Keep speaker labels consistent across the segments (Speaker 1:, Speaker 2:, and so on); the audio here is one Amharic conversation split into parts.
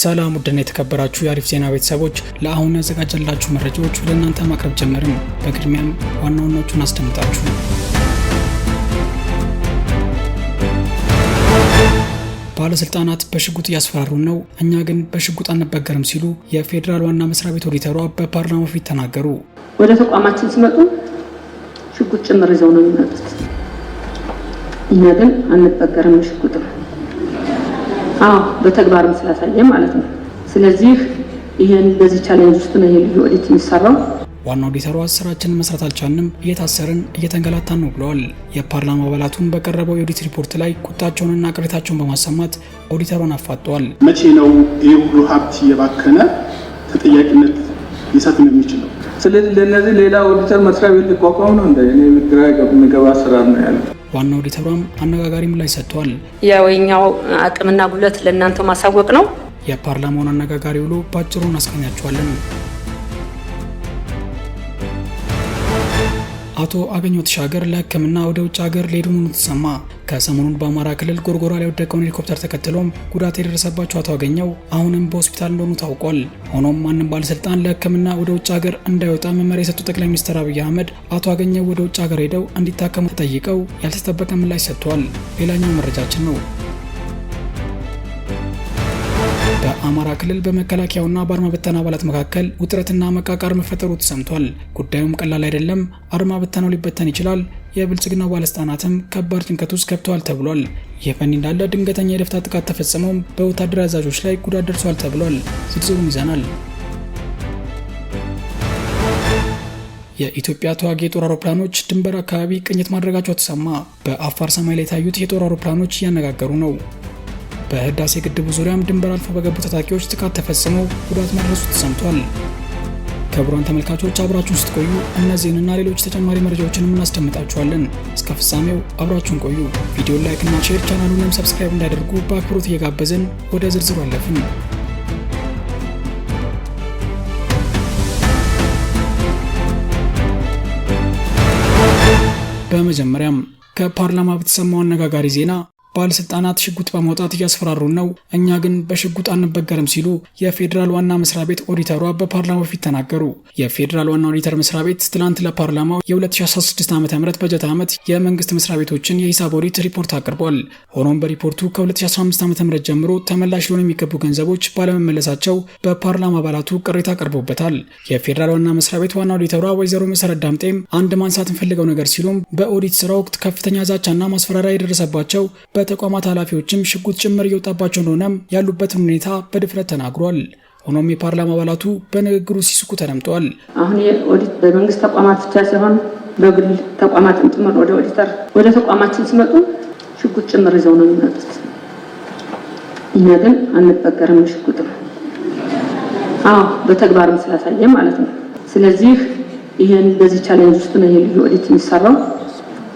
Speaker 1: ሰላም ውድና የተከበራችሁ የአሪፍ ዜና ቤተሰቦች፣ ለአሁኑ ያዘጋጀላችሁ መረጃዎች ወደ እናንተ ማቅረብ ጀመርን። በቅድሚያም ዋና ዋናዎቹን አስደምጣችሁ ባለስልጣናት በሽጉጥ እያስፈራሩ ነው፣ እኛ ግን በሽጉጥ አንበገርም ሲሉ የፌዴራል ዋና መስሪያ ቤት ኦዲተሯ በፓርላማው ፊት ተናገሩ።
Speaker 2: ወደ ተቋማችን ሲመጡ ሽጉጥ ጭምር ይዘው ነው የሚመጡት። እኛ ግን አንበገርም ሽጉጥም አዎ በተግባርም ስላሳየ ማለት ነው። ስለዚህ ይህን በዚህ ቻሌንጅ ውስጥ ነው ይሄ ልዩ ኦዲት የሚሰራው።
Speaker 1: ዋና ኦዲተሩ ስራችንን መስራት አልቻንም፣ እየታሰርን እየተንገላታን ነው ብለዋል። የፓርላማ አባላቱም በቀረበው የኦዲት ሪፖርት ላይ ቁጣቸውንና ቅሬታቸውን በማሰማት ኦዲተሯን አፋጠዋል።
Speaker 3: መቼ ነው ይህ ሁሉ ሀብት እየባከነ ተጠያቂነት ሊሰጥ ነው የሚችለው? ስለዚህ ለእነዚህ ሌላ ኦዲተር መስሪያ ቤት ሊቋቋም ነው እንደ እኔ ግራ የሚገባ ስራ ነው ያለው
Speaker 1: ዋና ኦዲተሯም አነጋጋሪ ምላሽ ሰጥቷል።
Speaker 4: ያው የኛው አቅምና ጉለት ለእናንተው ማሳወቅ ነው።
Speaker 1: የፓርላማውን አነጋጋሪ ውሎ በአጭሩ እናስቀኛቸዋለን። አቶ አገኘሁ ተሻገር ለሕክምና ወደ ውጭ ሀገር ሊሄዱ መሆኑ ተሰማ። ከሰሞኑን በአማራ ክልል ጎርጎራ ላይ ወደቀውን ሄሊኮፕተር ተከትሎም ጉዳት የደረሰባቸው አቶ አገኘሁ አሁንም በሆስፒታል እንደሆኑ ታውቋል። ሆኖም ማንም ባለስልጣን ለሕክምና ወደ ውጭ ሀገር እንዳይወጣ መመሪያ የሰጡ ጠቅላይ ሚኒስትር አብይ አህመድ አቶ አገኘሁ ወደ ውጭ ሀገር ሄደው እንዲታከሙ ተጠይቀው ያልተጠበቀ ምላሽ ሰጥቷል። ሌላኛው መረጃችን ነው። በአማራ ክልል በመከላከያውና በአድማ ብተና አባላት መካከል ውጥረትና መቃቃር መፈጠሩ ተሰምቷል። ጉዳዩም ቀላል አይደለም። አድማ ብተናው ሊበተን ይችላል። የብልጽግና ባለስልጣናትም ከባድ ጭንቀት ውስጥ ገብተዋል ተብሏል። ይህ እንዳለ ድንገተኛ የደፍታ ጥቃት ተፈጽመው በወታደር አዛዦች ላይ ጉዳት ደርሷል ተብሏል። ዝርዝሩን ይዘናል። የኢትዮጵያ ተዋጊ የጦር አውሮፕላኖች ድንበር አካባቢ ቅኝት ማድረጋቸው ተሰማ። በአፋር ሰማይ ላይ የታዩት የጦር አውሮፕላኖች እያነጋገሩ ነው። በህዳሴ ግድቡ ዙሪያም ድንበር አልፎ በገቡ ታጣቂዎች ጥቃት ተፈጽሞ ጉዳት መድረሱ ተሰምቷል። ክቡራን ተመልካቾች አብራችሁን ስትቆዩ እነዚህንና ሌሎች ተጨማሪ መረጃዎችን እናስደምጣችኋለን። እስከ ፍጻሜው አብራችሁን ቆዩ። ቪዲዮ ላይክና ሼር፣ ቻናሉንም ሰብስክራይብ እንዳደርጉ በአክብሮት እየጋበዝን ወደ ዝርዝሩ አለፍን። በመጀመሪያም ከፓርላማ በተሰማው አነጋጋሪ ዜና ባለስልጣናት ሽጉጥ በማውጣት እያስፈራሩን ነው፣ እኛ ግን በሽጉጥ አንበገርም ሲሉ የፌዴራል ዋና መስሪያ ቤት ኦዲተሯ በፓርላማው ፊት ተናገሩ። የፌዴራል ዋና ኦዲተር መስሪያ ቤት ትናንት ለፓርላማው የ2016 ዓ ም በጀት ዓመት የመንግስት መስሪያ ቤቶችን የሂሳብ ኦዲት ሪፖርት አቅርቧል። ሆኖም በሪፖርቱ ከ2015 ዓ ም ጀምሮ ተመላሽ ሊሆኑ የሚገቡ ገንዘቦች ባለመመለሳቸው በፓርላማ አባላቱ ቅሬታ አቅርቦበታል። የፌዴራል ዋና መስሪያ ቤት ዋና ኦዲተሯ ወይዘሮ መሰረት ዳምጤም አንድ ማንሳት እንፈልገው ነገር ሲሉም በኦዲት ስራ ወቅት ከፍተኛ ዛቻና ማስፈራሪያ የደረሰባቸው በ ተቋማት ኃላፊዎችም ሽጉጥ ጭምር እየወጣባቸው እንደሆነም ያሉበትን ሁኔታ በድፍረት ተናግሯል። ሆኖም የፓርላማ አባላቱ በንግግሩ ሲስቁ ተደምጠዋል።
Speaker 2: አሁን ኦዲት በመንግስት ተቋማት ብቻ ሳይሆን በግል ተቋማትም ጭምር ወደ ኦዲተር ወደ ተቋማችን ሲመጡ ሽጉጥ ጭምር ይዘው ነው የሚመጡት። እኛ ግን አንበገርም፣ ሽጉጥም አዎ በተግባርም ስላሳየ ማለት ነው። ስለዚህ ይህን በዚህ ቻሌንጅ ውስጥ ነው የልዩ ልዩ ኦዲት የሚሰራው።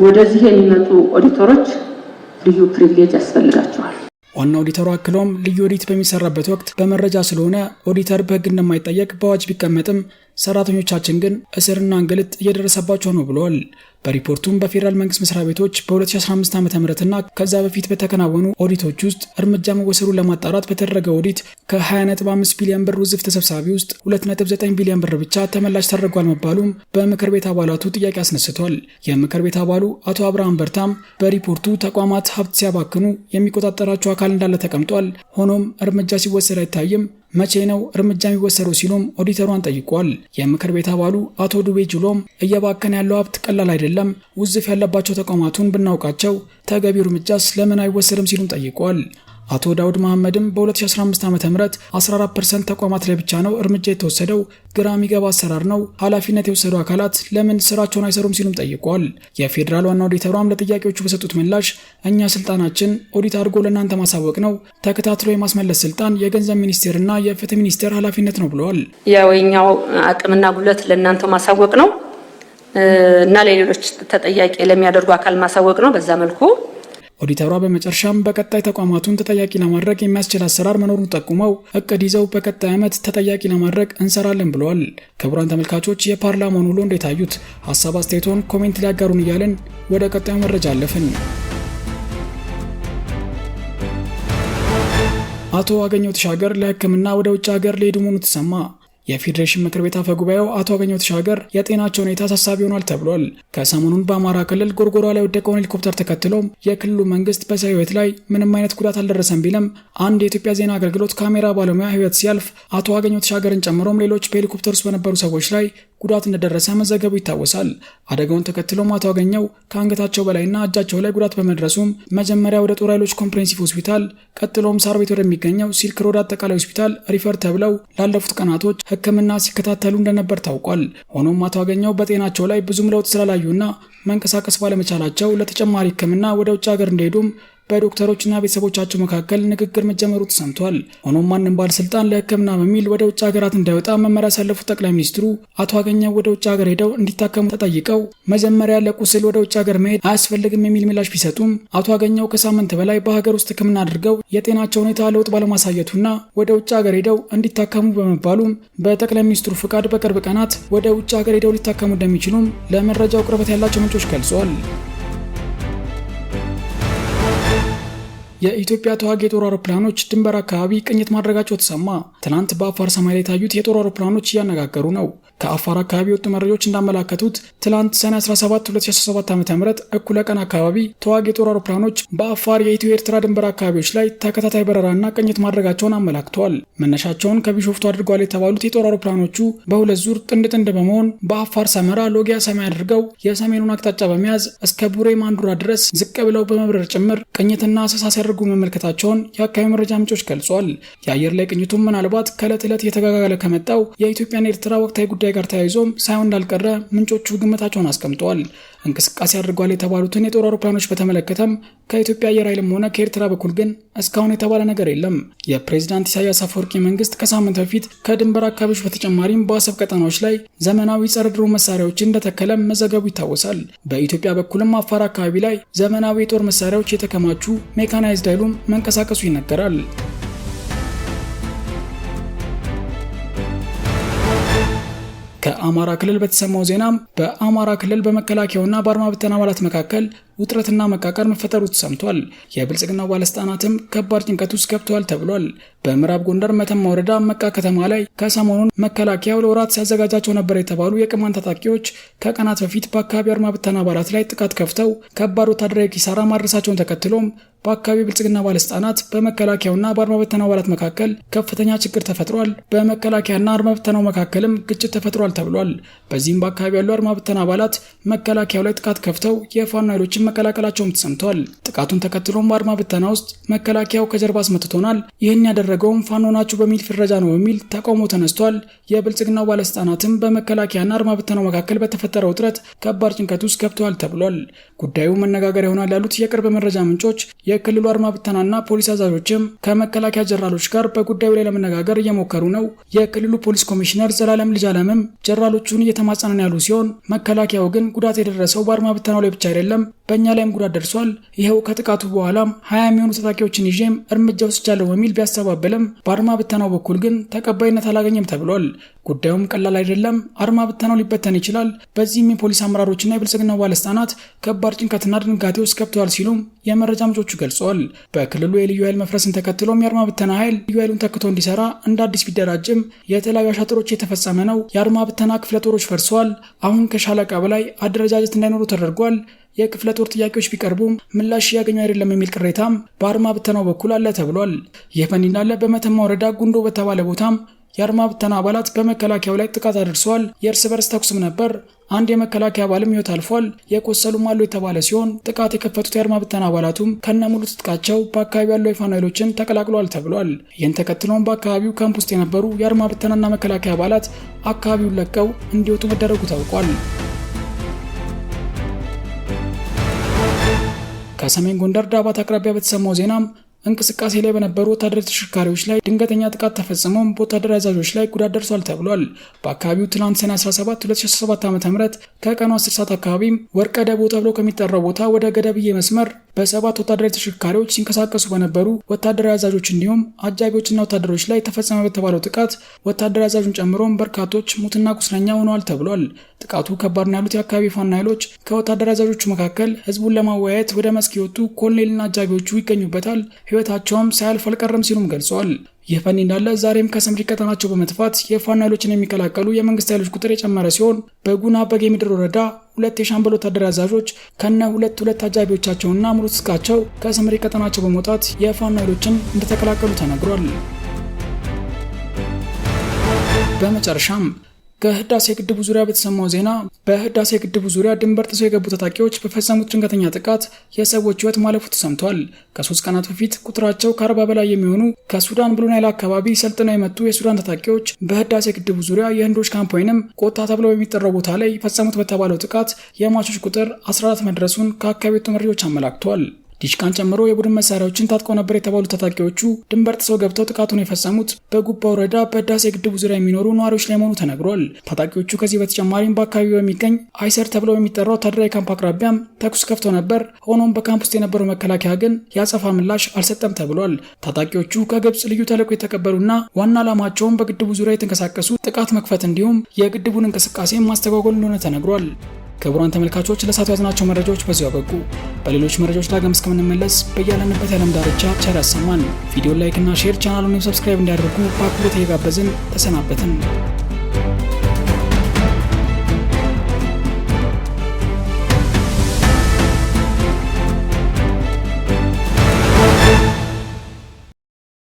Speaker 2: ወደዚህ የሚመጡ ኦዲተሮች ልዩ ፕሪቪሌጅ ያስፈልጋቸዋል።
Speaker 1: ዋና ኦዲተሩ አክሎም ልዩ ኦዲት በሚሰራበት ወቅት በመረጃ ስለሆነ ኦዲተር በሕግ እንደማይጠየቅ በአዋጅ ቢቀመጥም ሰራተኞቻችን ግን እስርና እንግልት እየደረሰባቸው ነው ብለዋል። በሪፖርቱም በፌዴራል መንግስት መስሪያ ቤቶች በ2015 ዓ እና ከዛ በፊት በተከናወኑ ኦዲቶች ውስጥ እርምጃ መወሰዱን ለማጣራት በተደረገ ኦዲት ከ 25 ቢሊዮን ብር ውዝፍ ተሰብሳቢ ውስጥ 2.9 ቢሊዮን ብር ብቻ ተመላሽ ተደርጓል መባሉም በምክር ቤት አባላቱ ጥያቄ አስነስቷል። የምክር ቤት አባሉ አቶ አብርሃም በርታም በሪፖርቱ ተቋማት ሀብት ሲያባክኑ የሚቆጣጠራቸው አካል እንዳለ ተቀምጧል። ሆኖም እርምጃ ሲወሰድ አይታይም መቼ ነው እርምጃ የሚወሰደው ሲሉም ኦዲተሯን ጠይቋል። የምክር ቤት አባሉ አቶ ዱቤ ጅሎም እየባከነ ያለው ሀብት ቀላል አይደለም፣ ውዝፍ ያለባቸው ተቋማቱን ብናውቃቸው ተገቢው እርምጃስ ለምን አይወሰድም ሲሉም ጠይቋል። አቶ ዳውድ መሐመድም በ2015 ዓ ም 14 ፐርሰንት ተቋማት ላይ ብቻ ነው እርምጃ የተወሰደው፣ ግራ የሚገባ አሰራር ነው። ኃላፊነት የወሰዱ አካላት ለምን ስራቸውን አይሰሩም ሲሉም ጠይቋል። የፌዴራል ዋና ኦዲተሯም ለጥያቄዎቹ በሰጡት ምላሽ እኛ ስልጣናችን ኦዲት አድርጎ ለእናንተ ማሳወቅ ነው፣ ተከታትሎ የማስመለስ ስልጣን የገንዘብ ሚኒስቴርና የፍትህ ሚኒስቴር ኃላፊነት ነው ብለዋል።
Speaker 4: ያው የኛው አቅምና ጉለት ለእናንተ ማሳወቅ ነው እና ለሌሎች ተጠያቂ ለሚያደርጉ አካል ማሳወቅ ነው። በዛ መልኩ
Speaker 1: ኦዲተሯ በመጨረሻም በቀጣይ ተቋማቱን ተጠያቂ ለማድረግ የሚያስችል አሰራር መኖሩን ጠቁመው እቅድ ይዘው በቀጣይ ዓመት ተጠያቂ ለማድረግ እንሰራለን ብለዋል። ክቡራን ተመልካቾች የፓርላማውን ውሎ እንደታዩት ሀሳብ አስተያየቶን ኮሜንት ሊያጋሩን እያለን ወደ ቀጣዩ መረጃ አለፍን። አቶ አገኘሁ ተሻገር ለሕክምና ወደ ውጭ ሀገር ሊሄዱ መሆኑ ተሰማ። የፌዴሬሽን ምክር ቤት አፈ ጉባኤው አቶ አገኘው ተሻገር የጤናቸው ሁኔታ አሳሳቢ ሆኗል ተብሏል። ከሰሞኑን በአማራ ክልል ጎርጎራ ላይ ወደቀውን ሄሊኮፕተር ተከትሎም የክልሉ መንግስት በሰው ህይወት ላይ ምንም አይነት ጉዳት አልደረሰም ቢልም አንድ የኢትዮጵያ ዜና አገልግሎት ካሜራ ባለሙያ ህይወት ሲያልፍ አቶ አገኘው ተሻገርን ጨምሮም ሌሎች በሄሊኮፕተር ውስጥ በነበሩ ሰዎች ላይ ጉዳት እንደደረሰ መዘገቡ ይታወሳል። አደጋውን ተከትሎ ማቶ አገኘው ከአንገታቸው በላይና እጃቸው ላይ ጉዳት በመድረሱም መጀመሪያ ወደ ጦር ኃይሎች ኮምፕሬንሲቭ ሆስፒታል፣ ቀጥሎም ሳር ቤት ወደሚገኘው ሲልክ ሮድ አጠቃላይ ሆስፒታል ሪፈር ተብለው ላለፉት ቀናቶች ሕክምና ሲከታተሉ እንደነበር ታውቋል። ሆኖም ማቶ አገኘው በጤናቸው ላይ ብዙም ለውጥ ስላላዩና መንቀሳቀስ ባለመቻላቸው ለተጨማሪ ሕክምና ወደ ውጭ ሀገር እንደሄዱም በዶክተሮችና ቤተሰቦቻቸው መካከል ንግግር መጀመሩ ተሰምቷል። ሆኖም ማንም ባለስልጣን ለሕክምና በሚል ወደ ውጭ ሀገራት እንዳይወጣ መመሪያ ያሳለፉት ጠቅላይ ሚኒስትሩ አቶ አገኘው ወደ ውጭ ሀገር ሄደው እንዲታከሙ ተጠይቀው መጀመሪያ ለቁስል ወደ ውጭ ሀገር መሄድ አያስፈልግም የሚል ምላሽ ቢሰጡም አቶ አገኘው ከሳምንት በላይ በሀገር ውስጥ ሕክምና አድርገው የጤናቸው ሁኔታ ለውጥ ባለማሳየቱና ወደ ውጭ ሀገር ሄደው እንዲታከሙ በመባሉም በጠቅላይ ሚኒስትሩ ፍቃድ በቅርብ ቀናት ወደ ውጭ ሀገር ሄደው ሊታከሙ እንደሚችሉም ለመረጃው ቅርበት ያላቸው ምንጮች ገልጸዋል። የኢትዮጵያ ተዋጊ የጦር አውሮፕላኖች ድንበር አካባቢ ቅኝት ማድረጋቸው ተሰማ። ትናንት በአፋር ሰማይ ላይ የታዩት የጦር አውሮፕላኖች እያነጋገሩ ነው። ከአፋር አካባቢ የወጡ መረጃዎች እንዳመላከቱት ትናንት ሰኔ 17 2017 ዓ ም እኩለ ቀን አካባቢ ተዋጊ የጦር አውሮፕላኖች በአፋር የኢትዮ ኤርትራ ድንበር አካባቢዎች ላይ ተከታታይ በረራና ቅኝት ማድረጋቸውን አመላክተዋል። መነሻቸውን ከቢሾፍቱ አድርጓል የተባሉት የጦር አውሮፕላኖቹ በሁለት ዙር ጥንድ ጥንድ በመሆን በአፋር ሰመራ፣ ሎጊያ ሰማይ አድርገው የሰሜኑን አቅጣጫ በመያዝ እስከ ቡሬ ማንዱራ ድረስ ዝቅ ብለው በመብረር ጭምር ቅኝትና አሰሳ ሲያደርጉ ሲያደርጉ መመልከታቸውን የአካባቢ መረጃ ምንጮች ገልጿል። የአየር ላይ ቅኝቱም ምናልባት ከዕለት ዕለት እየተጋጋለ ከመጣው የኢትዮጵያና ኤርትራ ወቅታዊ ጉዳይ ጋር ተያይዞም ሳይሆን እንዳልቀረ ምንጮቹ ግምታቸውን አስቀምጠዋል። እንቅስቃሴ አድርጓል የተባሉትን የጦር አውሮፕላኖች በተመለከተም ከኢትዮጵያ አየር ኃይልም ሆነ ከኤርትራ በኩል ግን እስካሁን የተባለ ነገር የለም። የፕሬዚዳንት ኢሳያስ አፈወርቂ መንግስት ከሳምንት በፊት ከድንበር አካባቢዎች በተጨማሪም በአሰብ ቀጠናዎች ላይ ዘመናዊ ጸረ ድሮን መሳሪያዎች እንደተከለ መዘገቡ ይታወሳል። በኢትዮጵያ በኩልም አፋር አካባቢ ላይ ዘመናዊ የጦር መሳሪያዎች የተከማቹ ሜካናይዝድ ኃይሉም መንቀሳቀሱ ይነገራል። ከአማራ ክልል በተሰማው ዜናም በአማራ ክልል በመከላከያውና በአርማ ብተና አባላት መካከል ውጥረትና መቃቀር መፈጠሩ ተሰምቷል። የብልጽግናው ባለስልጣናትም ከባድ ጭንቀት ውስጥ ገብተዋል ተብሏል። በምዕራብ ጎንደር መተማ ወረዳ መቃ ከተማ ላይ ከሰሞኑን መከላከያው ለወራት ሲያዘጋጃቸው ነበር የተባሉ የቅማንት ታጣቂዎች ከቀናት በፊት በአካባቢ አርማ ብተና አባላት ላይ ጥቃት ከፍተው ከባድ ወታደራዊ ኪሳራ ማድረሳቸውን ተከትሎም በአካባቢው ብልጽግና ባለስልጣናት በመከላከያውና በአርማበተና አባላት መካከል ከፍተኛ ችግር ተፈጥሯል። በመከላከያና አርማበተናው ብተናው መካከልም ግጭት ተፈጥሯል ተብሏል። በዚህም በአካባቢ ያሉ አርማበተና ብተና አባላት መከላከያው ላይ ጥቃት ከፍተው የፋኖ ኃይሎችን ሰዎችን መቀላቀላቸውም ተሰምተዋል። ጥቃቱን ተከትሎም በአድማ ብተና ውስጥ መከላከያው ከጀርባ አስመትቶናል፣ ይህን ያደረገውም ፋኖ ናችሁ በሚል ፍረጃ ነው በሚል ተቃውሞ ተነስቷል። የብልጽግናው ባለስልጣናትም በመከላከያና አድማ ብተናው መካከል በተፈጠረው ውጥረት ከባድ ጭንቀት ውስጥ ገብተዋል ተብሏል። ጉዳዩ መነጋገር ይሆናል ያሉት የቅርብ መረጃ ምንጮች የክልሉ አድማ ብተናና ፖሊስ አዛዦችም ከመከላከያ ጀራሎች ጋር በጉዳዩ ላይ ለመነጋገር እየሞከሩ ነው። የክልሉ ፖሊስ ኮሚሽነር ዘላለም ልጅ አለምም ጀራሎቹን እየተማጸነን ያሉ ሲሆን መከላከያው ግን ጉዳት የደረሰው በአድማ ብተናው ላይ ብቻ አይደለም፣ በእኛ ላይም ጉዳት ደርሷል። ይኸው ከጥቃቱ በኋላም ሀያ የሚሆኑ ተታኪዎችን ይዤም እርምጃ ወስጃለሁ በሚል ቢያስተባበልም በአድማ ብተናው በኩል ግን ተቀባይነት አላገኘም ተብሏል። ጉዳዩም ቀላል አይደለም። አድማ ብተናው ሊበተን ይችላል። በዚህም የፖሊስ አመራሮችና የብልጽግናው ባለስልጣናት ከባድ ጭንቀትና ድንጋቴ ውስጥ ገብተዋል ሲሉም የመረጃ ምንጮቹ ገልጸዋል። በክልሉ የልዩ ኃይል መፍረስን ተከትሎም የአድማ ብተና ኃይል ልዩ ኃይሉን ተክቶ እንዲሰራ እንደ አዲስ ቢደራጅም የተለያዩ አሻጥሮች የተፈጸመ ነው። የአድማ ብተና ክፍለ ጦሮች ፈርሰዋል። አሁን ከሻለቃ በላይ አደረጃጀት እንዳይኖሩ ተደርጓል። የክፍለ ጦር ጥያቄዎች ቢቀርቡም ምላሽ እያገኙ አይደለም የሚል ቅሬታም በአርማ ብተናው በኩል አለ ተብሏል። ይህ በእንዲህ እንዳለ በመተማ ወረዳ ጉንዶ በተባለ ቦታም የአርማ ብተና አባላት በመከላከያው ላይ ጥቃት አድርሰዋል። የእርስ በርስ ተኩስም ነበር። አንድ የመከላከያ አባልም ይወት አልፏል። የቆሰሉም አሉ የተባለ ሲሆን ጥቃት የከፈቱት የአርማ ብተና አባላቱም ከነሙሉ ትጥቃቸው በአካባቢው ያሉ የፋኖ ኃይሎችን ተቀላቅሏል ተብሏል። ይህን ተከትሎም በአካባቢው ካምፕ ውስጥ የነበሩ የአርማ ብተናና መከላከያ አባላት አካባቢውን ለቀው እንዲወጡ መደረጉ ታውቋል። ከሰሜን ጎንደር ዳባት አቅራቢያ በተሰማው ዜናም እንቅስቃሴ ላይ በነበሩ ወታደራዊ ተሽከርካሪዎች ላይ ድንገተኛ ጥቃት ተፈጽሞም በወታደራዊ አዛዦች ላይ ጉዳት ደርሷል ተብሏል። በአካባቢው ትናንት ሰኔ 17 2017 ዓ ም ከቀኑ 10 ሰዓት አካባቢም ወርቀ ደቦ ተብሎ ከሚጠራው ቦታ ወደ ገደብዬ መስመር በሰባት ወታደራዊ ተሽከርካሪዎች ሲንቀሳቀሱ በነበሩ ወታደራዊ አዛዦች እንዲሁም አጃቢዎችና ወታደሮች ላይ ተፈጸመ በተባለው ጥቃት ወታደራዊ አዛዡን ጨምሮም በርካቶች ሙትና ቁስለኛ ሆነዋል ተብሏል። ጥቃቱ ከባድ ነው ያሉት የአካባቢ ፋኖ ኃይሎች ከወታደር አዛዦቹ መካከል ህዝቡን ለማወያየት ወደ መስክ የወጡ ኮሎኔልና አጃቢዎቹ ይገኙበታል። ህይወታቸውም ሳያልፍ አልቀረም ሲሉም ገልጸዋል። ይህ ፈኒ እንዳለ ዛሬም ከሰምሪ ቀጠናቸው በመጥፋት የፋኖ ኃይሎችን የሚቀላቀሉ የመንግስት ኃይሎች ቁጥር የጨመረ ሲሆን በጉና ምድር ወረዳ ሁለት የሻምበል ወታደር አዛዦች ከነ ሁለት ሁለት አጃቢዎቻቸውና ሙሉ ትጥቃቸው ከሰምሪ ቀጠናቸው በመውጣት የፋኖ ኃይሎችን እንደተቀላቀሉ ተነግሯል። በመጨረሻም ከህዳሴ ግድቡ ዙሪያ በተሰማው ዜና በህዳሴ ግድቡ ዙሪያ ድንበር ጥሰው የገቡ ታጣቂዎች በፈጸሙት ድንገተኛ ጥቃት የሰዎች ህይወት ማለፉ ተሰምቷል። ከሶስት ቀናት በፊት ቁጥራቸው ከአርባ በላይ የሚሆኑ ከሱዳን ብሉ ናይል አካባቢ ሰልጥነው የመጡ የሱዳን ታጣቂዎች በህዳሴ ግድቡ ዙሪያ የህንዶች ካምፕ ወይንም ቆታ ተብለው በሚጠራው ቦታ ላይ ፈጸሙት በተባለው ጥቃት የሟቾች ቁጥር 14 መድረሱን ከአካባቢው መሪዎች አመላክቷል። ዲሽቃን ጨምሮ የቡድን መሳሪያዎችን ታጥቆ ነበር የተባሉ ታጣቂዎቹ ድንበር ጥሰው ገብተው ጥቃቱን የፈጸሙት በጉባ ወረዳ በህዳሴ ግድቡ ዙሪያ የሚኖሩ ነዋሪዎች ላይ መሆኑ ተነግሯል። ታጣቂዎቹ ከዚህ በተጨማሪም በአካባቢው የሚገኝ አይሰር ተብሎ የሚጠራው ወታደራዊ ካምፕ አቅራቢያም ተኩስ ከፍቶ ነበር። ሆኖም በካምፕ ውስጥ የነበረው መከላከያ ግን ያጸፋ ምላሽ አልሰጠም ተብሏል። ታጣቂዎቹ ከግብፅ ልዩ ተልዕኮ የተቀበሉና ዋና ዓላማቸውን በግድቡ ዙሪያ የተንቀሳቀሱ ጥቃት መክፈት እንዲሁም የግድቡን እንቅስቃሴ ማስተጓጎል እንደሆነ ተነግሯል። ክቡራን ተመልካቾች ለሳቱ ያዝናቸው መረጃዎች በዚሁ አበቁ። በሌሎች መረጃዎች ዳግም እስከምንመለስ በያለንበት የዓለም ዳርቻ ቸር ያሰማን። ቪዲዮን ላይክ እና ሼር፣ ቻናሉን ሰብስክራይብ እንዲያደርጉ በአክብሮት እየጋበዝን ተሰናበትን።